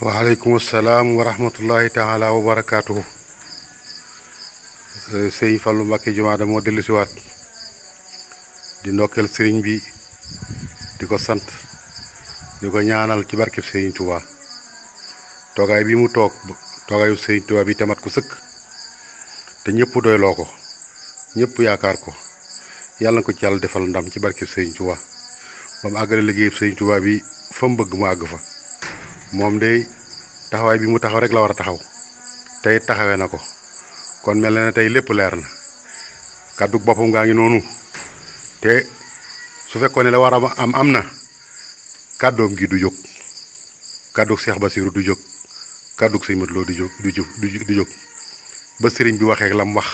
waaleykum salaam wa rahmatullahi taala wa barakaatuhu euh, sëñ Fallou Mbacké Jumaada moo dellusiwaat di ndokkeel sëriñ bi di ko sant di ko ñaanal ci barkeb sëriñ Touba toogaay bi mu toog toogaayu sëriñ Touba bi tamat ko sëkk te ñëpp doyloo ko ñëpp yaakaar ko yàlla ko ci yàlla defal ndam ci barkeb sëriñ Touba ba àggale liggéeyub sëriñ Touba bi fa mu bëgg mu àgg fa moom de taxawaay bi mu taxaw rek la war a taxaw tey taxawe na ko kon mel na ne tey lépp leer na kàddu boppam gaa ngi noonu te su fekkoon ne la war a am am na kàddoom gi du jóg kàddu Seex Basiru du jóg kàddu Sëñ Mat Lo du jóg du jóg du jóg ba sëriñ bi waxee lam wax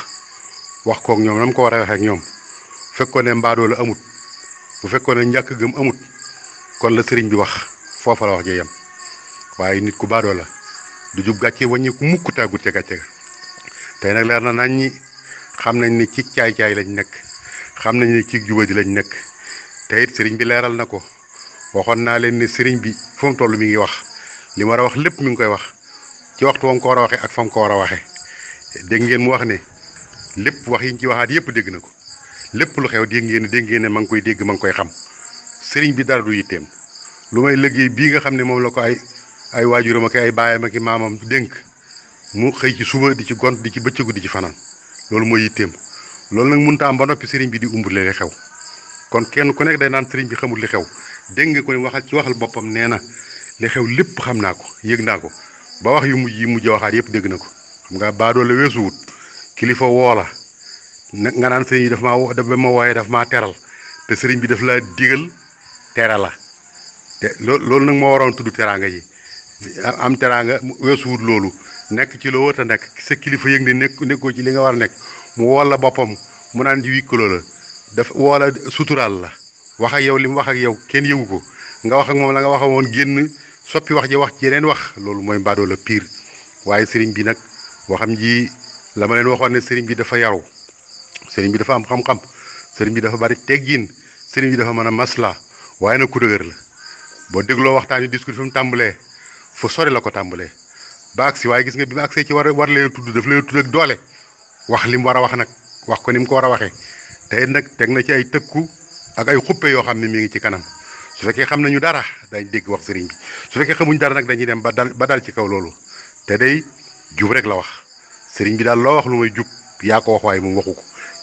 wax kook ñoom nam ko war a waxee ñoom fekkoon ne mbaadoo la amut bu fekkoon ne njàkk gëm amut kon la sëriñ bi wax foofa la wax jeeyam waaye nit ku baadoo la du jub gàcce wàññeeku mukk tàggu ca gàcce ga tey nag leer na nañ ñi xam nañ ni ci caay-caay lañ nekk xam nañ ni ci jubadi lañ nekk te sëriñ bi leeral na ko waxoon naa leen ne sëriñ bi fu mu toll mi ngi wax li mu war a wax lépp mu ngi koy wax ci waxtu wa ko war a waxe ak fa war a waxee dégg ngeen mu wax ne lépp wax yi ñu ci waxaat yépp dégg na ko lépp lu xew dégg ngeen dégg ngeen ne ma ngi koy dégg ma ngi koy xam sëriñ bi dara du yitteem lu may liggéey bii nga xam ne moom la ay waajuram ak ay baayam ak i maamam dénk mu xëy ci suba di ci gont di ci bëccëgu di ci fanaan loolu mooy yitteem loolu nag mënut am ba noppi sëriñ bi di umbule li xew kon kenn ku nekk day naan sëriñ bi xamul li xew dégg nga ko ne waxal ci waxal boppam nee na li xew lépp xam naa ko yëg naa ko ba wax yu mujj yi mujj waxaat yëpp dégg na ko xam nga baadoo la weesuwut kilifa woola nga naan sëriñ bi daf maa dafa ma wooyee daf maa teral sëriñ bi daf laa digal tera la te loolu nag moo waroon tudd teraanga ji am teraanga weesuwut loolu nekk ci loo wër a nekk sa kilifa yëg ne nekk nekkoo ci li nga war a nekk mu wol la boppam mu naan ji wikkaloo la daf woola suturaal la wax ak yow li mu wax ak yow kenn yëgu ko nga wax ak moom la nga wax woon génn soppi wax ji wax jeneen wax loolu mooy mbaadoo la pire waaye sëriñ bi nag waxam ji la ma leen waxoon ne sëriñ bi dafa yaru sëriñ bi dafa am xam-xam sëriñ bi dafa bari teggiin sëriñ bi dafa mën a masla waaye nag ku la boo dégloo waxtaan yi discours fi mu tàmbalee fu sori la ko tàmbalee ba agsi waaye gis nga bi ma agsee ci war war leen tudd daf leen tudd ak doole wax li mu war a wax nag wax ko ni ko war a waxee te nag teg na ci ay tëkku ak ay xuppe yoo xam ne mi ngi ci kanam su fekkee xam nañu dara dañ dégg wax sëriñ bi su fekkee xamuñ dara nag dañuy dem ba dal ba dal ci kaw loolu te day jub rek la wax sëriñ bi daal loo wax lu may jub yaa ko wax waay moom waxu ko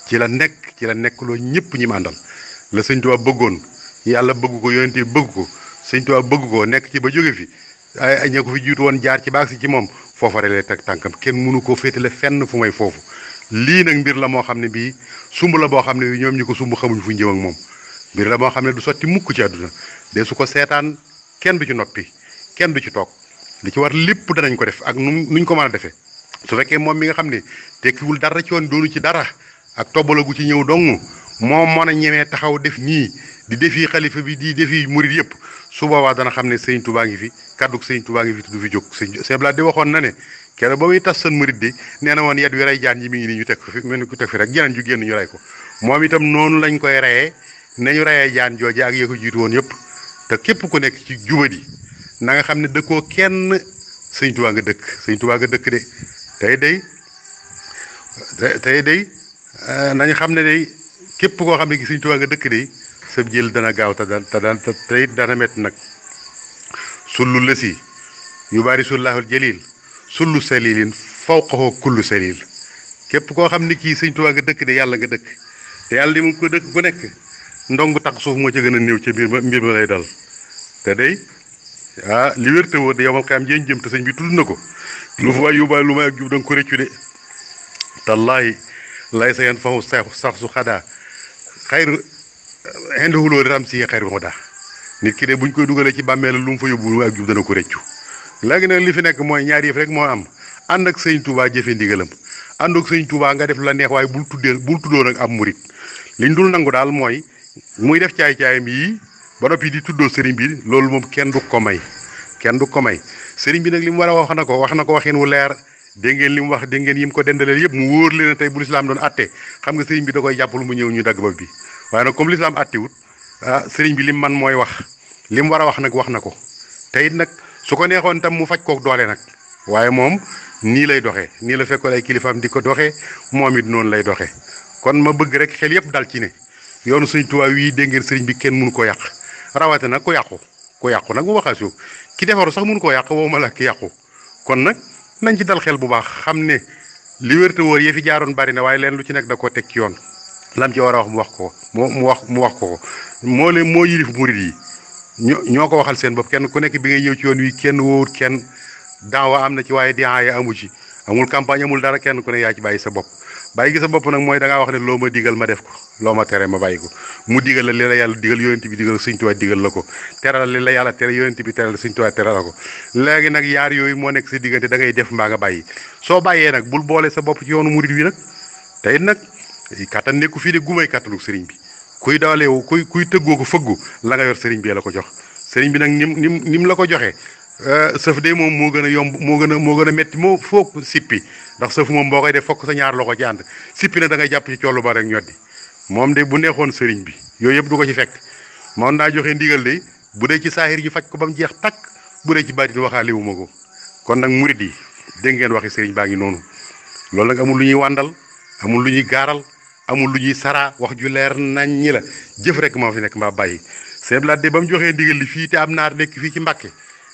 ci la nekk ci la nekk loo ñëpp ñi màndal la sëñ bëggoon yàlla bëgg ko yonent bëgg ko sëñ Tuubaa bëgg ko nekk ci ba jóge fi ay ña ko fi jiitu woon jaar ci baax si ci moom foofa rek lay tànkam kenn mënu ko féetale fenn fu may foofu lii nag mbir la moo xam ne bii sumb la boo xam ne ñoom ñi ko sumb xamuñ fu ñu jëm moom mbir la moo xam ne du sotti mukk ci àdduna dee su ko seetaan kenn du ci noppi kenn du ci toog li ci war lépp danañ ko def ak nu nuñ ko mën a defee su fekkee moom mi nga xam ne tekkiwul dara ci woon doonu ci dara ak tobbalagu ci ñëw dong moom mën a ñemee taxaw def nii di defi xalifa bi di defi murit yëpp su boobaa dana xam ne sëñ tubaa ngi fi kàddu sëñ tubaa ngi fi du fi jóg sëñ Sëñ di waxoon na ne kenn ba muy tas seen murit di nee na woon yet wi rey jaan yi mi ngi nii ñu teg ko fi mel ko teg fi rek janeen ju génn ñu rey ko moom itam noonu lañ koy reyee ñu reyee jaan jooje ak yee ko woon yëpp te képp ku nekk ci jubadi na nga xam ne dëkkoo kenn sëñ tubaa nga dëkk sëñ tubaa nga dëkk de tey day tey day eh, nañu xam ne day képp koo xam ne gi Sëñ Tuubaa nga dëkk de sa jël dana gaaw te daan te daan te it dana métti nag sullu lësi yu bari sullahul jalil sullu kullu salil képp koo xam ne kii Sëñ Tuubaa nga dëkk de yàlla nga dëkk te yàlla di mu ko dëkk ku nekk ndongu tax suuf moo ci gën a néew ca mbir ma mbir ma lay dal te day ah li wér te wóor de yomal kaam jëm te sëñ bi tudd na ko lu fa waay yóbbaale lu may ak jub da ko réccu de te lay sa yan faxu sax su xadaa xayru indi xulóo dara am si xayru moo tax nit ki de buñ koy dugalee ci bàmmeela lu mu fa yóbbu ak jub dana ko rëccu léegi nag li fi nekk mooy ñaar yëf rek moo am ànd ak sëñ Touba jëfe ndigalam ànd sëñ Touba nga def la neex waaye bul tuddee bul tuddoo nag ab murit liñ dul nangu daal mooy muy def caay-caayam yii ba noppi di tuddoo sëriñ bi loolu moom kenn du ko may kenn du ko may sëriñ bi nag li mu war a wax na ko wax na ko waxin wu leer. dégg ngeen li mu wax dégg ngeen yi ko dendaleel yëpp mu wóor leen tey bu lislaam doon àtte xam nga sëriñ bi da koy jàpp mu ñëw ñu dagg ba bi waaye nag comme lislaam àttewut ah sëriñ bi lim man mooy wax li mu war a wax nag wax na ko te it nag su ko neexoon tam mu faj kook doole nag waaye moom nii lay doxe nii la fekkoon ay kilifaam di ko doxee moom it noonu lay doxee kon ma bëgg rek xel yëpp dal ci ne yoonu sëriñ Tuubaa wii dégg ngeen sëriñ bi kenn mënu ko yàq rawate nag yàqu ku yàqu nag mu waxaas ki defaru sax mënu koo yàq woo ma la yàqu kon nag nañ ci dal xel bu baax xam ne li wér yee fi jaaroon bari na waaye leen lu ci nekk da koo teg ci yoon lam ci war a wax mu wax ko moo mu wax mu wax ko moo le moo yilif murit yi ñoo ko waxal seen bopp kenn ku nekk bi ngay ñëw ci yoon wi kenn wóor kenn daawa am na ci waaye di dihaaya amu ci amul campagne amul dara kenn ku ne yaay ci bàyyi sa bopp bàyyi gi sa bopp nag mooy da ngaa wax ne loo ma digal ma def ko loo ma tere ma bàyyi ko mu digal la li la yàlla digal yonent bi digal Sëñ Tuubaa digal la ko teral li la yàlla tere yonent bi teral Sëñ Tuubaa teral la ko léegi nag yaar yooyu moo nekk sa diggante da ngay def mbaa nga bàyyi soo bàyyee nag bul boole sa bopp ci yoonu murit wi nag tey nag kattan nekku fii de gumay kattanu sëriñ bi kuy dawalee kuy kuy tëggoo ko fëggu la nga yor la ko jox sëriñ bi nag nim nim nim la ko joxee Euh, sëf de moom moo gën a yomb moo gën a moo gën a métti moo foog sippi ndax sëf moom boo koy def fokk sa ñaar loxo ci ànd sippi nag da jàpp ci collu ba rek ñoddi moom de bu neexoon sëriñ bi yooyu yëpp du ko ci fekk moom naa joxe ndigal de bu dee ci saahir ji faj ko ba mu jeex takk bu dee ci baatin waxaale wu ma ko kon nag murit yi dégg ngeen waxi sëriñ baa ngi noonu loolu nag amul lu ñuy wandal amul lu ñuy gaaral amul lu ñuy saraa wax ju leer nañ ñi la jëf rek moo fi nekk mbaa bàyyi seeblaat de ba mu joxee ndigal li fii te am naar fii ci Mbàkke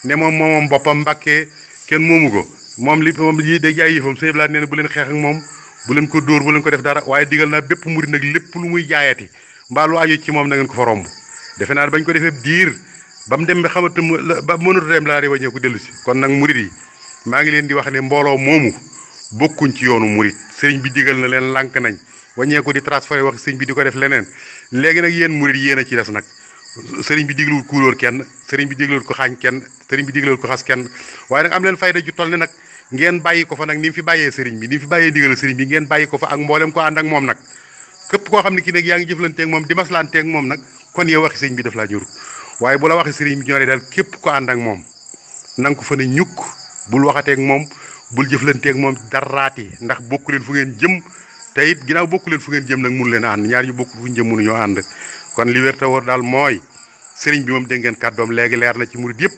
ne moom moomoom boppam mbakkee kenn moomu ko moom li moom lii day jaay yëfam sëñ Abdoulaye laa na bu leen xeex ak moom bu leen ko dóor bu leen ko def dara waaye digal naa bépp murid nag lépp lu muy jaayati mbaa lu ci moom na ngeen ko fa romb defe naa ko defee diir ba mu dem ba xamante ba mënatu dem laa réew dellu si kon nag murid yi maa ngi leen di wax ne mbooloo moomu bokkuñ ci yoonu murid sëriñ bi digal na leen lank nañ waññeeku di transféré wax sëriñ bi di ko def leneen léegi nag yéen murid yéen a ci des nag sëriñ bi digluwul kuulóor kenn sëriñ bi digluwul ko xaañ kenn sëriñ bi digluwul ko xas kenn waaye nag am leen fayda ju toll ne nag ngeen bàyyi ko fa nag ni mu fi bàyyee sëriñ bi ni mu fi bàyyee digal sëriñ bi ngeen bàyyi ko fa ak mboolem ko ànd ak moom nag koo xam ne ki nag yaa ngi jëflanteeg moom di maslaanteeg moom nag kon yow waxi sëriñ bi daf laa ñor waaye bu la waxi sëriñ bi ñoree daal képp ko ànd ak moom nang ko fa ne ñukk bul waxateeg moom bul jëflanteeg moom daraati ndax bokku leen fu ngeen jëm te ginaaw ginnaaw leen fu ngeen jëm nag mun leen a ñaar ñu bokk fu ñu jëm mënuñoo ànd kon li wér daal mooy sëriñ bi moom dégg ngeen kàddoom léegi leer na ci murit yëpp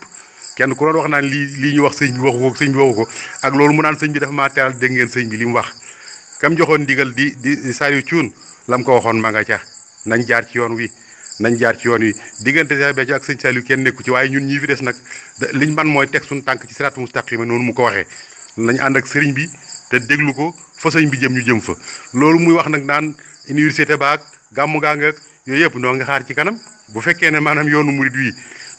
kenn ku doon wax naan lii lii ñu wax sëñ bi waxu ko sëñ ko ak loolu mu naan sëñ bi dafa maa dégg ngeen sëñ bi li mu wax kam joxoon ndigal di di saa yu cuun la mu ko waxoon ma nga ca nañ jaar ci yoon wi nañ jaar ci yoon wi diggante Cheikh Béthio ak sëñ Saliou kenn nekku ci waaye ñun ñii fi des nag liñ man mooy teg suñu tànk ci siraatu mustaqima noonu mu ko waxee nañ ànd ak sëriñ bi te déglu ko fa sëñ bi jëm ñu jëm fa loolu muy wax nag naan université baa gàmmu gaa nga yooyu yëpp noo nga xaar ci kanam bu fekkee ne maanaam yoonu murid wi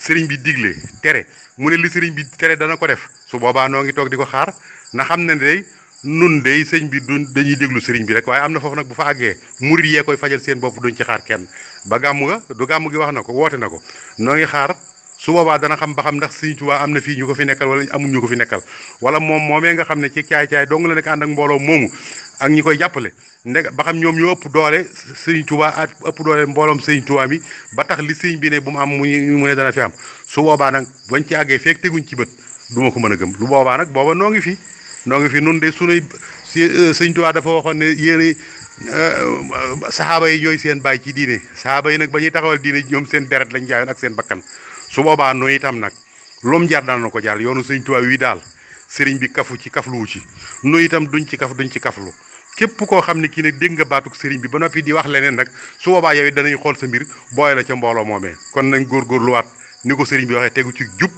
sëriñ bi digle tere mu ne li sëriñ bi tere dana ko def su boobaa noo ngi toog di ko xaar na xam ne day nun day sëñ bi du dañuy déglu sëriñ bi rek waaye am na foofu nag bu fa àggee murid yee koy fajal seen bopp duñ ci xaar kenn ba gàmmu ga du gàmm gi wax na ko woote na ko noo ngi xaar su boobaa dana xam ba xam ndax Sëriñ Tuubaa am na fii ñu ko fi nekkal wala amuñ ñu ko fi nekkal wala moom moomee nga xam ne ci caay-caay dong la nekk ànd ak mbooloo moomu ak ñi koy jàppale ndeg ba xam ñoom ñoo ëpp doole Sëriñ Tuubaa at ëpp doole mbooloom Sëriñ Tuubaa bi ba tax li sëriñ bi ne bu mu am mu ne dana fi am su boobaa nag bañ ci àggee feek teguñ ci bët du ko mën a gëm lu boobaa nag booba noo ngi fi noo ngi fi nun de sunuy euh, Sëriñ Tuubaa dafa waxoon ne yëre Eh, saxaaba yi ñooy seen baay ci diine saxaaba yi nag ba ñuy taxawal diine ñoom seen deret lañ jaayoon ak seen bakkan su boobaa nooy itam nag lum jaar daal na ko jaar yoonu sëñ Tuubaa wi daal sëriñ bi kafu ci kafluwu ci nu itam duñ ci kaf duñ ci kaflu képp koo xam ne kii ne dégg nga baatuk sëriñ bi ba noppi di wax leneen nag su boobaa yow it danañ xool sa mbir booy la ca mbooloo moomee kon nañ góorgóorluwaat ni ko sëriñ bi waxee tegu ci jub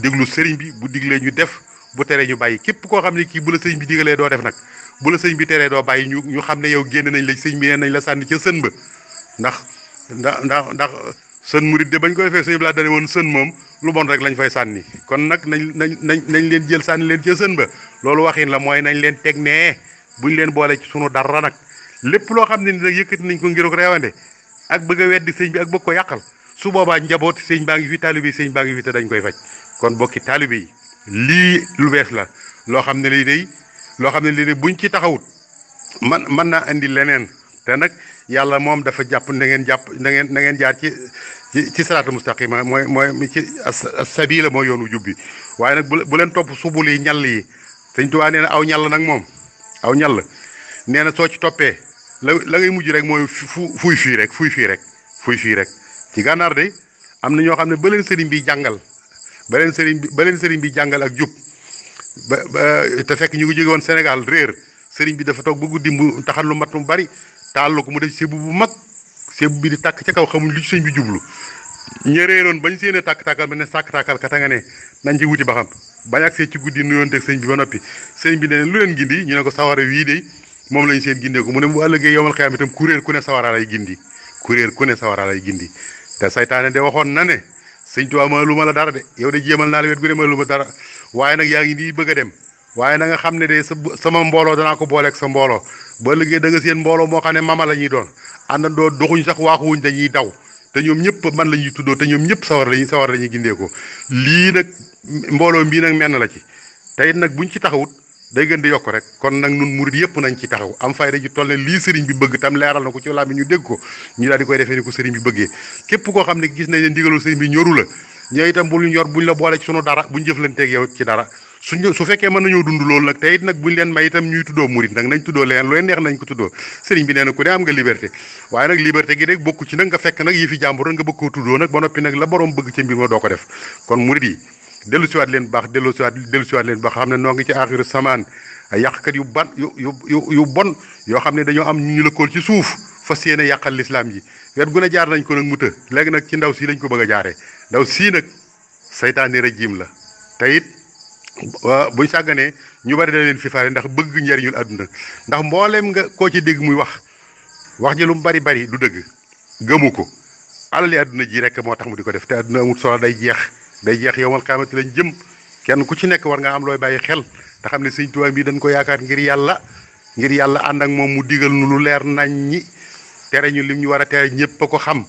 déglu sëriñ bi bu diglee ñu def bu tere ñu bàyyi képp koo xam ne kii bu la sëñ bi digalee doo def nag bu la sëñ bi teree doo bàyyi ñu ñu xam ne yow génn nañ la sëñ bi nee nañ la sànni ca sën ndax ndax ndax ndax sën murit de bañ koy fee sëñ bi laa dane woon sën moom lu bon rek lañ fay sànni kon nag nañ nañ nañ nañ leen jël sànni leen ca sën ba loolu waxin la mooy nañ leen teg nee buñ leen boole ci sunu dara nag lépp loo xam ne ni nag yëkkati nañ ko ngiruk reewande ak bëgg a weddi sëñ bi ak bëgg ko yàqal su boobaa njabooti sëñ baa ngi fi taalibe sëñ baa ngi fi koy faj kon bokki taalibe yi lii lu bees la loo xam ne lii day loo xam ne lii buñ ci taxawut man mën naa indi leneen te nag yàlla moom dafa jàpp nangeen jàpp na ngeen jaar ci ci siraatal mustaqima mooy mooy ci sabila mooy yoonu jub bi waaye nag bu leen topp subul yi ñàll yi sëñ Tuubaa nee na aw ñàll nag moom aw ñàll nee na soo ci toppee la la ngay mujj rek mooyu fu fuy fii rek fuy fii rek fuy fii rek ci gànnaar de am na ñoo xam ne ba leen sëriñ bi jàngal ba leen sëriñ bi ba leen bi jàngal ak jub ba te fekk ñu ngi jóge woon Sénégal réer sëriñ bi dafa toog ba guddi mu taxal lu mat mu bari taal ko mu def sébu bu mag sébu bi di tàkk ci kaw xamuñ lu ci sëñ bi jublu ña réeroon bañ séenee tàkk-tàkkal ba ne sàkk-tàkkal kata nga ne nañ ci wuti ba xam bañ agsee ci guddi nuyoonteeg sëñ bi ba noppi sëñ bi ne lu leen gindi ñu ne ko sawara wii de moom lañ seen gindee ko mu ne bu ëllëgee yomal xiyaam itam kuréel ku ne sawara lay gindi kuréel ku ne sawara lay gindi te saytaane waxoon na ne sëñ Tuubaa ma lu ma la dara de yow de jéemal naa la wet gu ne ma lu ma dara waaye nag yaa ngi nii bëgg a dem waaye na nga xam ne de sa sama mbooloo danaa ko booleek sa mbooloo boo liggéey da seen mbooloo moo xam ne mama la ñuy doon àndandoo doxuñ sax waaxuwuñ dañuy daw te ñoom ñëpp man la ñuy tuddoo te ñoom ñëpp sawar lañuy sawar la ñuy gindee ko lii nag mbooloo mbii nag menn la ci te it nag buñ ci taxawut day gën di yokk rek kon nag nun murit yëpp nañ ci taxaw am fay ju toll ne lii sëriñ bi bëgg tam leeral na ko ci làmmiñ ñu dégg ko ñu daal di koy defee ni ko sëriñ bi bëggee képp koo xam ne gis nañ ne ndigalul sëriñ bi ñoru la ñoo bu ñu ñor buñ la boole ci dara buñ jëflanteeg yow ci dara suñ su fekkee mën nañoo dund loolu nag te it nag buñ leen may itam ñuy tuddoo murit nag nañ tuddoo leneen lu leen neex nañ ko tuddoo sëriñ bi nee na ku ne am nga liberté waaye nag liberté gi rek bokku ci nag nga fekk nag yii fi jàmbur nga bëgg koo tuddoo nag ba noppi la borom bëgg ca mbir ma doo ko def kon murit yi dellu siwaat leen baax dellu siwaat dellu siwaat leen baax xam ne noo ngi ci axiru samaan yàqkat yu ban yu yu yu bon yoo xam ne dañoo am ñu ñu lëkkool ci suuf fas yéene yàqal lislaam yi wet gu ne jaar nañ ko nag mu të léegi nag ci ndaw sii lañ ko bëgg a ndaw sii nag saytaane rajim la te it buñ ñu bari da leen fi faale ndax bëgg njariñul àdduna ndax mbooleem nga koo ci dégg muy wax wax ji lu bari bari du dëgg gëmu ko alali àdduna ji rek moo tax mu di ko def te àdduna amul solo day jeex day jeex yowmal qiyaamati lañ jëm kenn ku ci nekk war nga am looy bàyyi xel te xam ne sëñ Tuubaa bii dañ ko yaakaar ngir yàlla ngir yàlla ànd ak moom mu digal nu lu leer nañ ñi tere ñu lim ñu war a tere ñëpp ko xam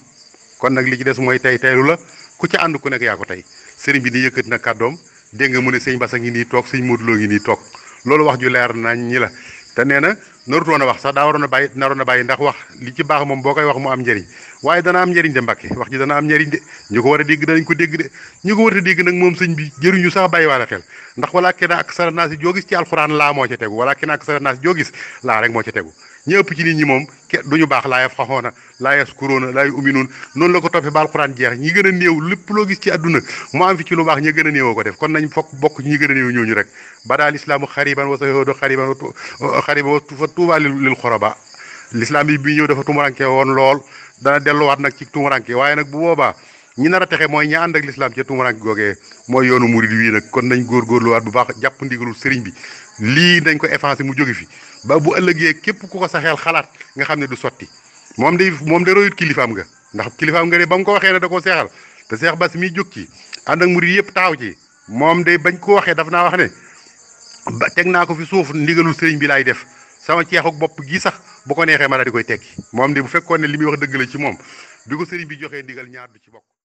kon nag li ci des mooy tey teylu la ku ci ànd ku nekk yaa ko tey sëriñ bi ni yëkkati na kàddoom dégg nga mu ne sëñ Basa ngi nii toog sëñ Modou Lo ngi nii toog loolu wax ju leer nañ ñi la te nee na narutoon a wax sax daa waroon a bàyyi naroon a bàyyi ndax wax li ci baax moom boo koy wax mu am njëriñ waaye dana am njëriñ de Mbàkke wax ji dana am njëriñ de ñu ko war a dégg danañ ko dégg de ñu ko war a nag moom sëñ bi jëriñu sax bàyyi waale xel ndax walaa kena ak sara naasi joo ci alxuraan laa moo ca tegu walaa kena ak sara naasi joo gis laa rek moo ca tegu ñi ëpp ci nit ñi moom ke ñu baax laa yaf xaxoona laa yas kuróona laa yu uminuun noonu la ko toppee ba alxuraan jeex ñi gën a néew lépp loo gis ci àdduna mu am fi ci lu baax ñi gën a néewoo ko def kon nañ fokk bokk ci ñi gën a néew ñooñu rek ba daal islaamu xariban wa sahodo xariban xariban fa tuuba lil xoroba l'islam bi bi ñëw dafa tumuranke woon lool dana delluwaat nag ci tumuraanke waaye nag bu boobaa ñi nar a texe mooy ñi ànd ak lislaam ca tuumarank googee mooy yoonu murid wii nag kon dañ nañ góorgóorluwaat bu baax jàpp ndigalul sëriñ bi lii dañ ko effacé mu jóge fi ba bu ëllëgee képp ku ko sa xalaat nga xam ne du sotti moom day moom da royut kilifaam nga ndax kilifaam nga ne ba mu ko waxee ne da koo seexal te seex bas miy jóg ci ànd ak murid yëpp taaw ci moom day bañ ko waxee daf naa wax ne ba teg naa ko fi suuf ndigalul sëriñ bi laay def sama ceexuk bopp gi sax bu ko neexee ma daal di koy tekki moom de bu fekkoon ne li muy wax dëgg la ci moom bi ko sëriñ bi joxee ndigal ñaar du ci bokk